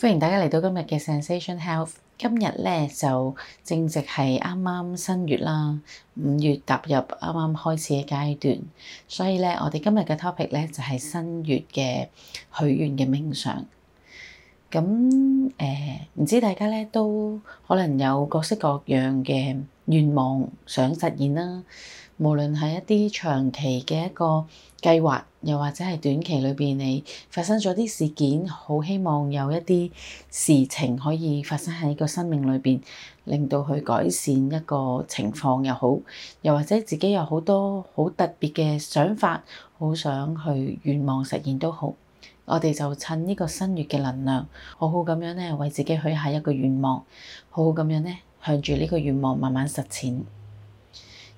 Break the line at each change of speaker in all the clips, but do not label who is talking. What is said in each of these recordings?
歡迎大家嚟到今日嘅 Zensation Health 今。今日咧就正值係啱啱新月啦，五月踏入啱啱開始嘅階段，所以咧我哋今日嘅 topic 咧就係、是、新月嘅許願嘅冥想。咁誒，唔、呃、知大家咧都可能有各式各樣嘅願望想實現啦。無論係一啲長期嘅一個計劃，又或者係短期裏邊你發生咗啲事件，好希望有一啲事情可以發生喺個生命裏邊，令到佢改善一個情況又好，又或者自己有好多好特別嘅想法，好想去願望實現都好，我哋就趁呢個新月嘅能量，好好咁樣呢，為自己許下一個願望，好好咁樣呢，向住呢個願望慢慢實踐。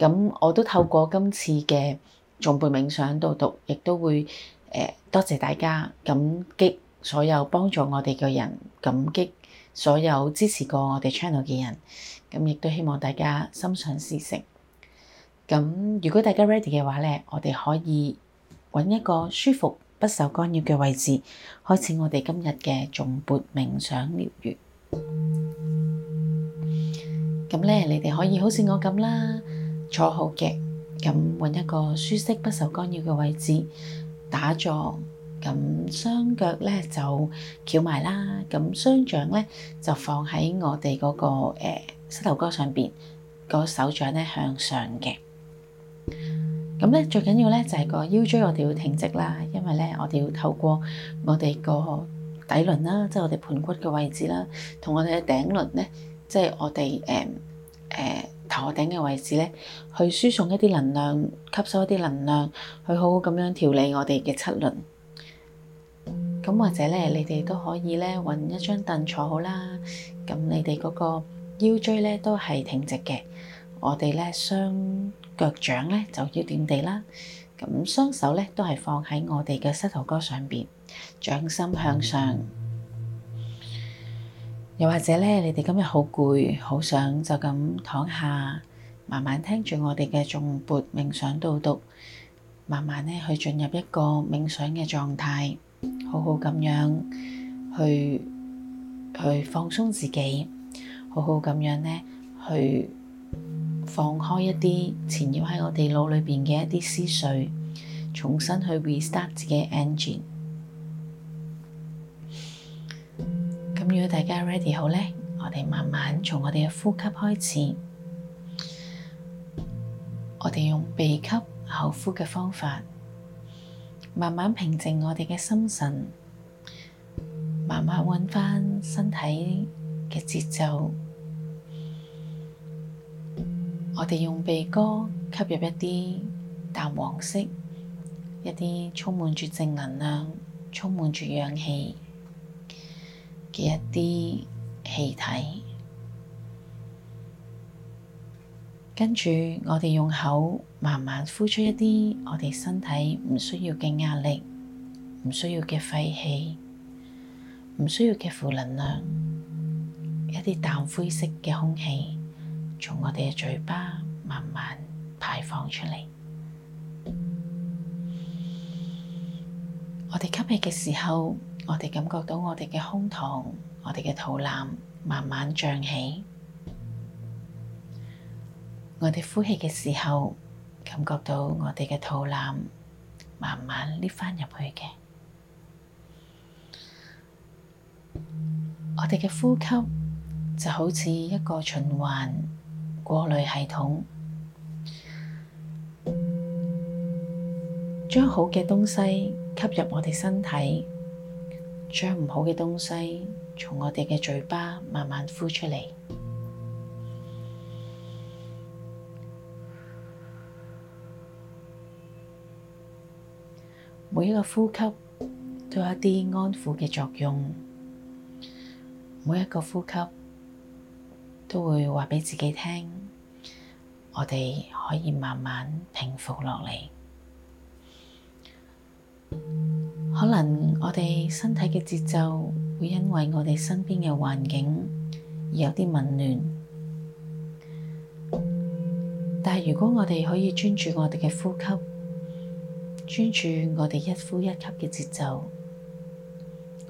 咁我都透過今次嘅重撥冥想導讀，亦都會誒、呃、多謝大家，感激所有幫助我哋嘅人，感激所有支持過我哋 channel 嘅人。咁亦都希望大家心想事成。咁如果大家 ready 嘅話咧，我哋可以揾一個舒服、不受干擾嘅位置，開始我哋今日嘅重撥冥想療癒。咁咧，你哋可以好似我咁啦。坐好嘅，咁揾一個舒適不受干擾嘅位置打坐。咁雙腳呢就翹埋啦，咁雙掌呢就放喺我哋嗰、那個誒、呃、膝頭哥上面，個手掌呢向上嘅。咁咧最緊要呢就係、是、個腰椎我哋要挺直啦，因為呢我哋要透過我哋個底輪啦，即、就、係、是、我哋盤骨嘅位置啦，同我哋嘅頂輪呢，即、就、係、是、我哋誒誒，呃呃頭額頂嘅位置咧，去輸送一啲能量，吸收一啲能量，去好好咁樣調理我哋嘅七輪。咁或者咧，你哋都可以咧揾一張凳坐好啦。咁你哋嗰個腰椎咧都係挺直嘅。我哋咧雙腳掌咧就要點地啦。咁雙手咧都係放喺我哋嘅膝頭哥上面，掌心向上。又或者咧，你哋今日好攰，好想就咁躺下，慢慢聽住我哋嘅重撥冥想導讀，慢慢咧去進入一個冥想嘅狀態，好好咁樣去去放鬆自己，好好咁樣咧去放開一啲纏繞喺我哋腦裏邊嘅一啲思緒，重新去 restart 自己嘅 engine。如果大家 ready 好咧，我哋慢慢從我哋嘅呼吸開始，我哋用鼻吸口呼嘅方法，慢慢平靜我哋嘅心神，慢慢搵返身體嘅節奏。我哋用鼻哥吸入一啲淡黃色，一啲充滿住正能量，充滿住氧氣。嘅一啲氣體，跟住我哋用口慢慢呼出一啲我哋身體唔需要嘅壓力，唔需要嘅廢氣，唔需要嘅負能量，一啲淡灰色嘅空氣，從我哋嘅嘴巴慢慢排放出嚟。我哋吸氣嘅時候，我哋感覺到我哋嘅胸膛、我哋嘅肚腩慢慢脹起，我哋呼氣嘅時候，感覺到我哋嘅肚腩慢慢 lift 翻入去嘅。我哋嘅呼吸就好似一個循環過濾系統，將好嘅東西吸入我哋身體。將唔好嘅東西從我哋嘅嘴巴慢慢呼出嚟。每一個呼吸都有一啲安撫嘅作用。每一個呼吸都會話畀自己聽，我哋可以慢慢平復落嚟。可能我哋身體嘅節奏會因為我哋身邊嘅環境而有啲紊亂，但係如果我哋可以專注我哋嘅呼吸，專注我哋一呼一吸嘅節奏，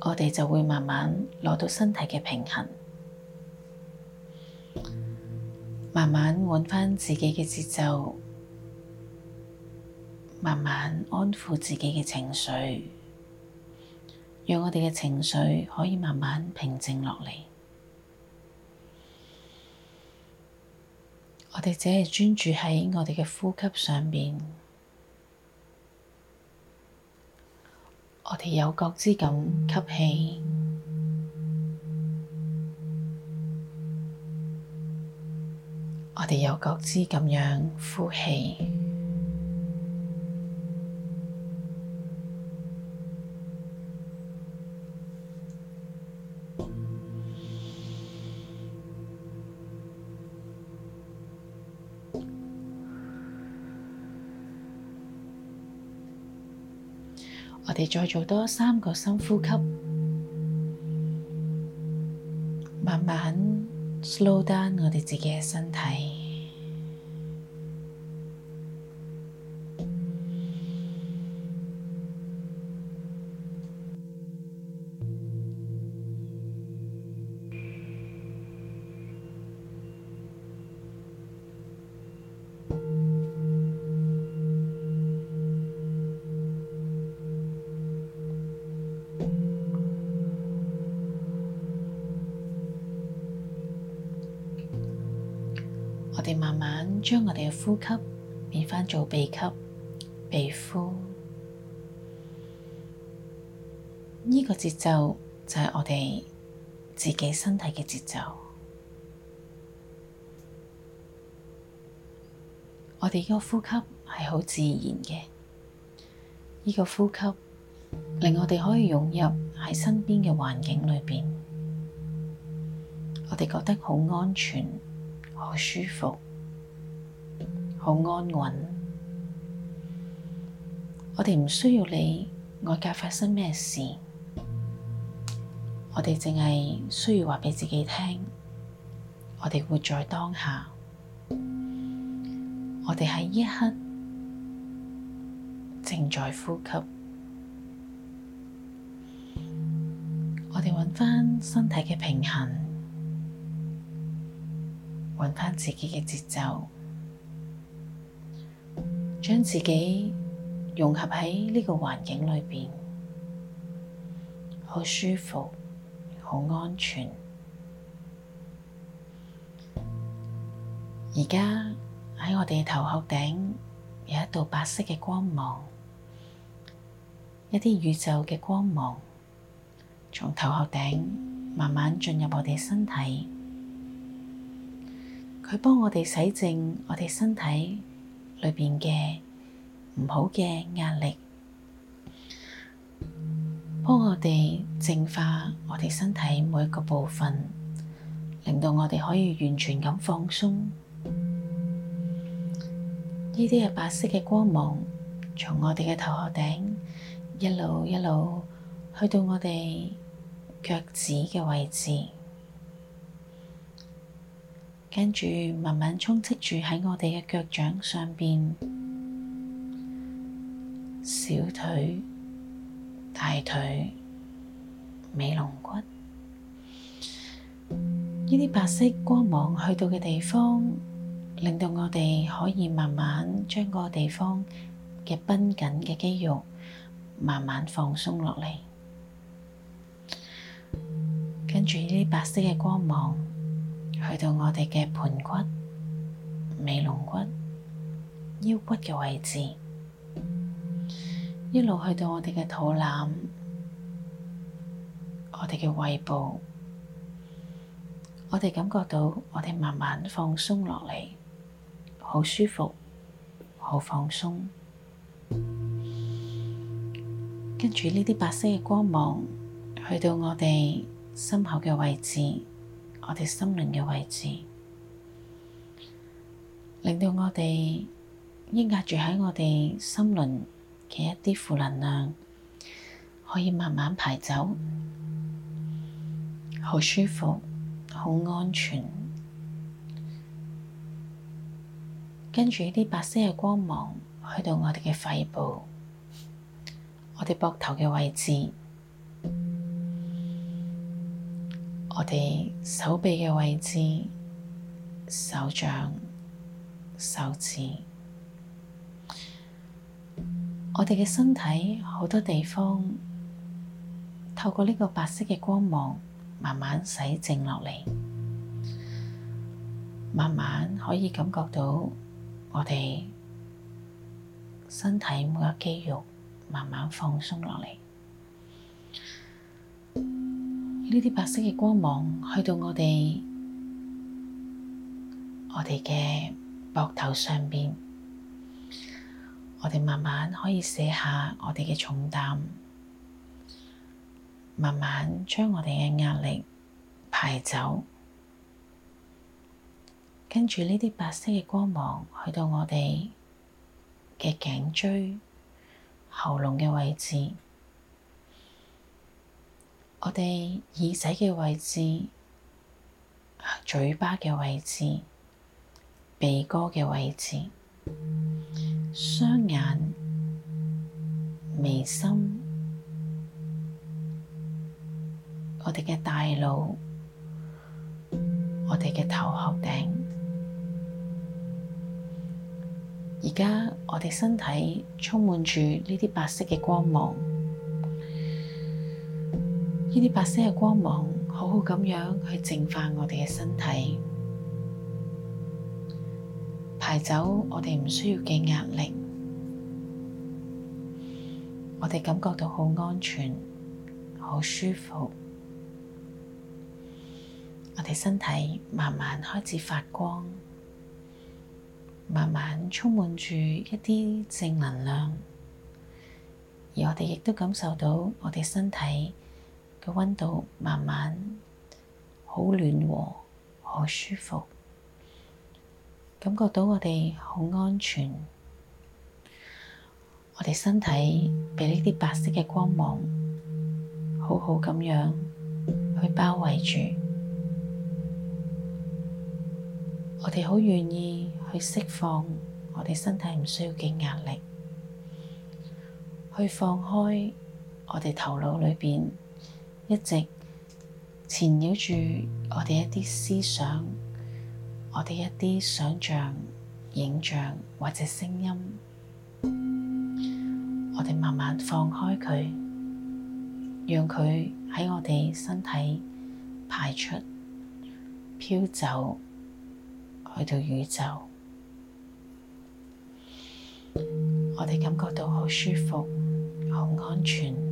我哋就會慢慢攞到身體嘅平衡，慢慢穩翻自己嘅節奏。慢慢安撫自己嘅情緒，讓我哋嘅情緒可以慢慢平靜落嚟。我哋只係專注喺我哋嘅呼吸上面，我哋有覺知咁吸氣，我哋有覺知咁樣呼氣。再做多三個深呼吸，慢慢 slow down 我哋自己嘅身體。慢慢將我哋嘅呼吸變翻做鼻吸、鼻呼，呢個節奏就係我哋自己身體嘅節奏。我哋呢個呼吸係好自然嘅，呢個呼吸令我哋可以融入喺身邊嘅環境裏邊，我哋覺得好安全、好舒服。好安穩，我哋唔需要理外界發生咩事，我哋淨係需要話畀自己聽，我哋活在當下，我哋喺呢一刻正在呼吸，我哋揾翻身體嘅平衡，揾翻自己嘅節奏。將自己融合喺呢個環境裏邊，好舒服，好安全。而家喺我哋頭殼頂有一道白色嘅光芒，一啲宇宙嘅光芒從頭殼頂慢慢進入我哋身體，佢幫我哋洗淨我哋身體。裏邊嘅唔好嘅壓力，幫我哋淨化我哋身體每一個部分，令到我哋可以完全咁放鬆。呢啲係白色嘅光芒，從我哋嘅頭殼頂一路一路去到我哋腳趾嘅位置。跟住慢慢充斥住喺我哋嘅腳掌上邊、小腿、大腿、尾龍骨，呢啲白色光芒去到嘅地方，令到我哋可以慢慢將個地方嘅繃緊嘅肌肉慢慢放鬆落嚟。跟住呢啲白色嘅光芒，去到我哋嘅盤骨、尾龍骨、腰骨嘅位置，一路去到我哋嘅肚腩、我哋嘅胃部，我哋感覺到我哋慢慢放鬆落嚟，好舒服，好放鬆。跟住呢啲白色嘅光芒，去到我哋心口嘅位置。我哋心靈嘅位置，令到我哋抑壓住喺我哋心靈嘅一啲負能量，可以慢慢排走，好舒服，好安全。跟住呢啲白色嘅光芒去到我哋嘅肺部，我哋膊頭嘅位置。我哋手臂嘅位置、手掌、手指，我哋嘅身體好多地方，透過呢個白色嘅光芒，慢慢洗淨落嚟，慢慢可以感覺到我哋身體每個肌肉慢慢放鬆落嚟。呢啲白色嘅光芒去到我哋，我哋嘅膊頭上邊，我哋慢慢可以卸下我哋嘅重擔，慢慢將我哋嘅壓力排走。跟住呢啲白色嘅光芒去到我哋嘅頸椎、喉嚨嘅位置。我哋耳仔嘅位置，嘴巴嘅位置，鼻哥嘅位置，雙眼、眉心，我哋嘅大腦，我哋嘅頭殼頂。而家我哋身體充滿住呢啲白色嘅光芒。呢啲白色嘅光芒，好好咁樣去淨化我哋嘅身體，排走我哋唔需要嘅壓力，我哋感覺到好安全，好舒服，我哋身體慢慢開始發光，慢慢充滿住一啲正能量，而我哋亦都感受到我哋身體。個温度慢慢好暖和，好舒服，感覺到我哋好安全。我哋身體被呢啲白色嘅光芒好好咁樣去包圍住，我哋好願意去釋放我哋身體唔需要嘅壓力，去放開我哋頭腦裏邊，一直纏繞住我哋一啲思想、我哋一啲想象、影像或者聲音，我哋慢慢放開佢，讓佢喺我哋身體排出、飄走去到宇宙，我哋感覺到好舒服、好安全。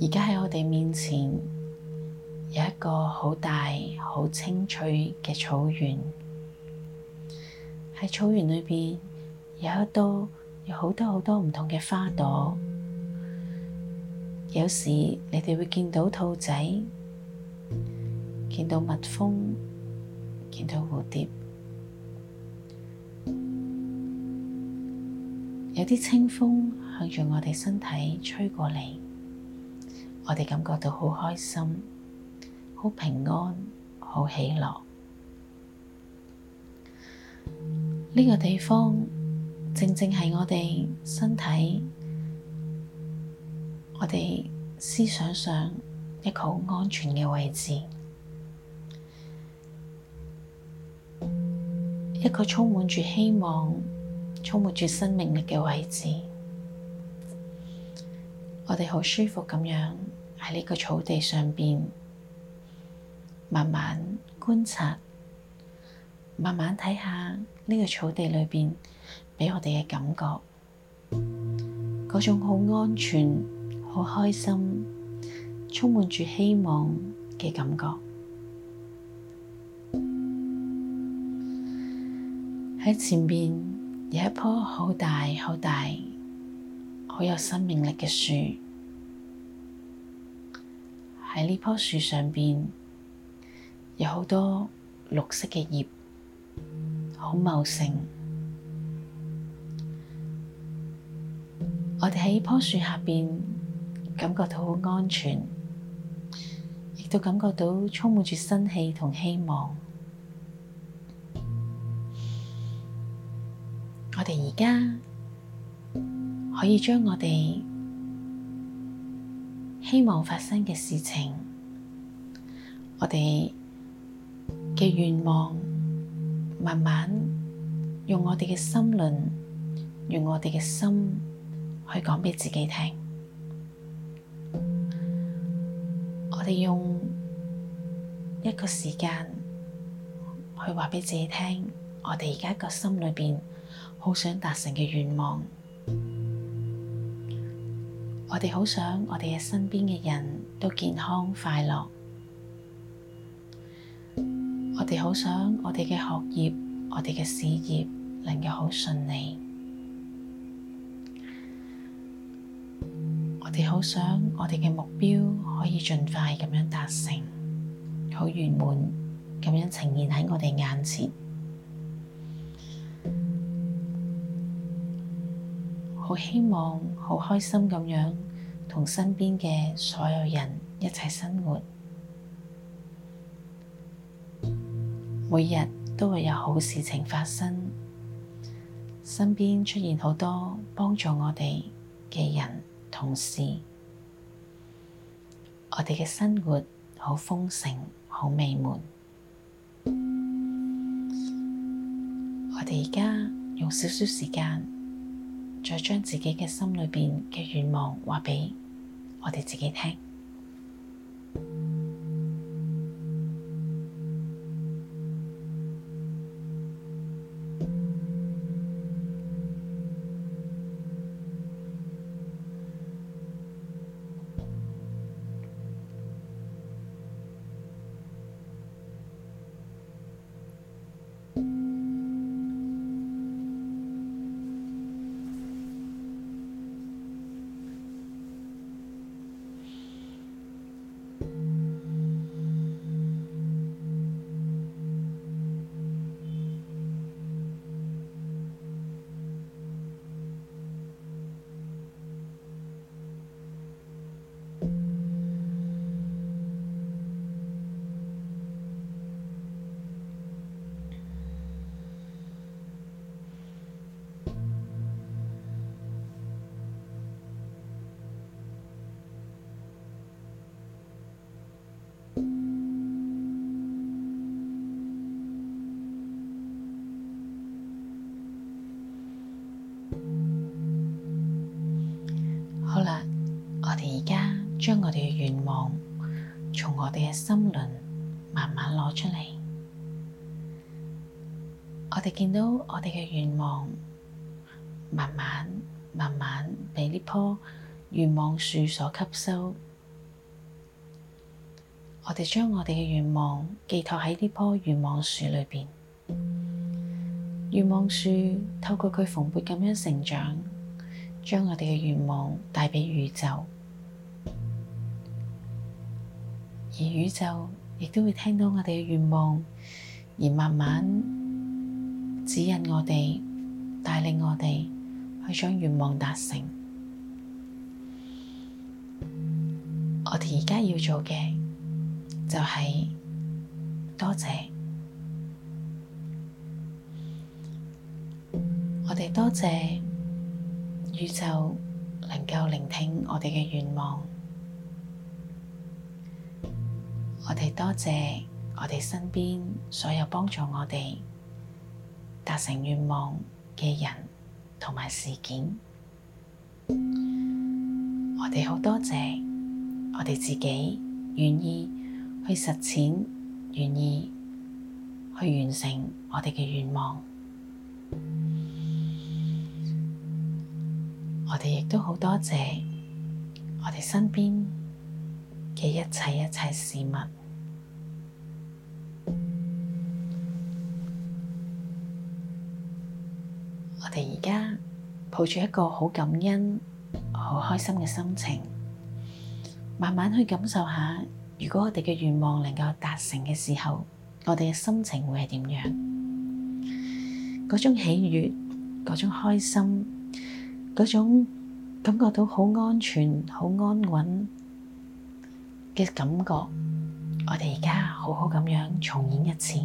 而家喺我哋面前有一個好大、好青翠嘅草原。喺草原裏邊有一朵、有好多好多唔同嘅花朵。有時你哋會見到兔仔，見到蜜蜂，見到蝴蝶。有啲清風向住我哋身體吹過嚟。我哋感覺到好開心、好平安、好喜樂。呢個地方正正係我哋身體、我哋思想上一個好安全嘅位置，一個充滿住希望、充滿住生命力嘅位置。我哋好舒服咁樣。喺呢個草地上面，慢慢觀察，慢慢睇下呢個草地裏面畀我哋嘅感覺，嗰種好安全、好開心、充滿住希望嘅感覺。喺前面有一棵好大、好大、好有生命力嘅樹。喺呢棵樹上邊有好多綠色嘅葉，好茂盛。我哋喺呢棵樹下邊，感覺到好安全，亦都感覺到充滿住生氣同希望。我哋而家可以將我哋希望發生嘅事情，我哋嘅願望，慢慢用我哋嘅心輪，用我哋嘅心去講俾自己聽。我哋用一個時間去話俾自己聽，我哋而家個心裏面好想達成嘅願望。我哋好想我哋嘅身邊嘅人都健康快樂，我哋好想我哋嘅學業、我哋嘅事業能夠好順利，我哋好想我哋嘅目標可以盡快咁樣達成，好圓滿咁樣呈現喺我哋眼前。我希望，好開心咁樣同身邊嘅所有人一齊生活，每日都會有好事情發生，身邊出現好多幫助我哋嘅人同事，我哋嘅生活好豐盛，好美滿。我哋而家用少少時間。再將自己嘅心裏邊嘅願望話畀我哋自己聽。將我哋嘅願望從我哋嘅心輪慢慢攞出嚟，我哋見到我哋嘅願望慢慢慢慢被呢棵願望樹所吸收。我哋將我哋嘅願望寄託喺呢棵願望樹裏邊，願望樹透過佢蓬勃咁樣成長，將我哋嘅願望帶畀宇宙。而宇宙亦都會聽到我哋嘅願望，而慢慢指引我哋、帶領我哋去將願望達成。我哋而家要做嘅就係多謝，我哋多謝宇宙能夠聆聽我哋嘅願望。我哋多謝我哋身邊所有幫助我哋達成願望嘅人同埋事件，我哋好多謝我哋自己願意去實踐，願意去完成我哋嘅願望。我哋亦都好多謝我哋身邊嘅一切一切事物。我哋而家抱住一個好感恩、好開心嘅心情，慢慢去感受下，如果我哋嘅願望能夠達成嘅時候，我哋嘅心情會係點樣？嗰種喜悅、嗰種開心、嗰種感覺到好安全、好安穩嘅感覺，我哋而家好好咁樣重演一次。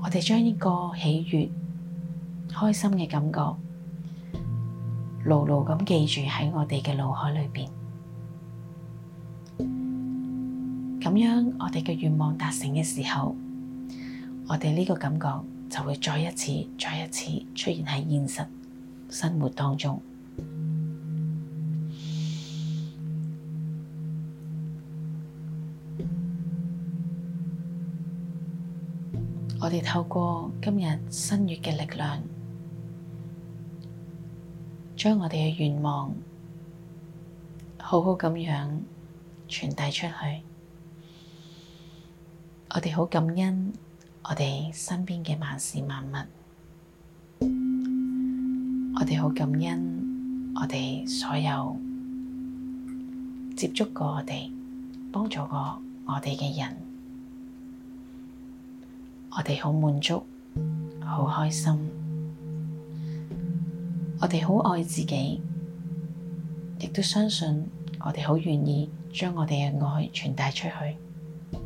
我哋將呢個喜悦、開心嘅感覺，牢牢咁記住喺我哋嘅腦海裏面。咁樣，我哋嘅願望達成嘅時候，我哋呢個感覺就會再一次、再一次出現喺現實生活當中。我哋透過今日新月嘅力量，將我哋嘅願望好好咁樣傳遞出去。我哋好感恩我哋身邊嘅萬事萬物，我哋好感恩我哋所有接觸過我哋、幫助過我哋嘅人。我哋好滿足，好開心，我哋好愛自己，亦都相信我哋好願意將我哋嘅愛傳達出去。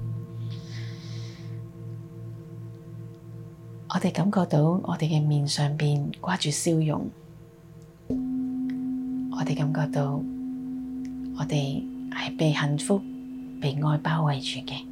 我哋感覺到我哋嘅面上面掛住笑容，我哋感覺到我哋係被幸福、被愛包圍住嘅。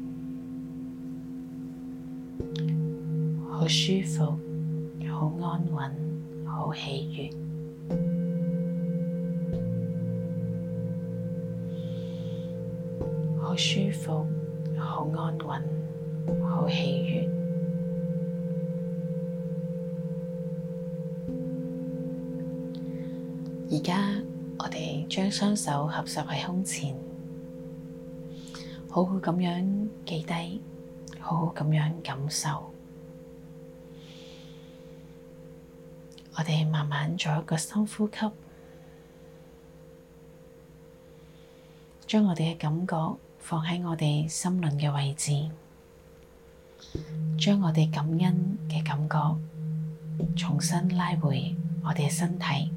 好舒服，好安穩，好喜悅。好舒服，好安穩，好喜悅。而家我哋將雙手合十喺胸前，好好咁樣記低。好好咁樣感受，我哋慢慢做一個深呼吸，將我哋嘅感覺放喺我哋心輪嘅位置，將我哋感恩嘅感覺重新拉回我哋身體，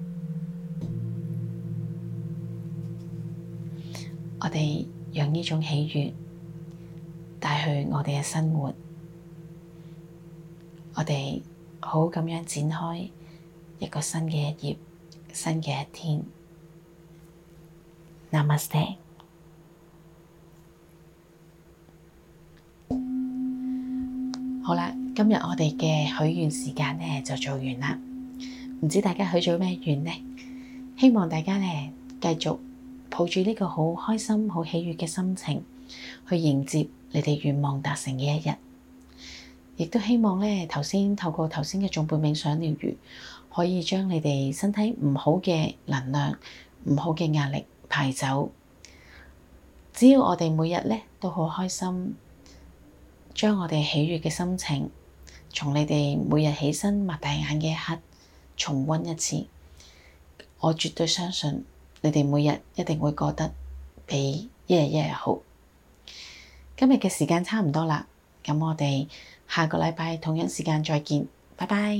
我哋讓呢種喜悦。帶去我哋嘅生活，我哋好好咁樣展開一個新嘅一頁，新嘅一天。Namaste。好啦，今日我哋嘅許願時間呢就做完啦。唔知大家許咗咩願呢？希望大家呢，繼續抱住呢個好開心、好喜悅嘅心情。去迎接你哋願望達成嘅一日，亦都希望呢頭先透過頭先嘅頌缽冥想療癒，可以將你哋身體唔好嘅能量、唔好嘅壓力排走。只要我哋每日呢都好開心，將我哋喜悅嘅心情，從你哋每日起身擘大眼嘅一刻重溫一次，我絕對相信你哋每日一定會過得比一日一日好。今日嘅時間差唔多啦，咁我哋下個禮拜同一時間再見，拜拜。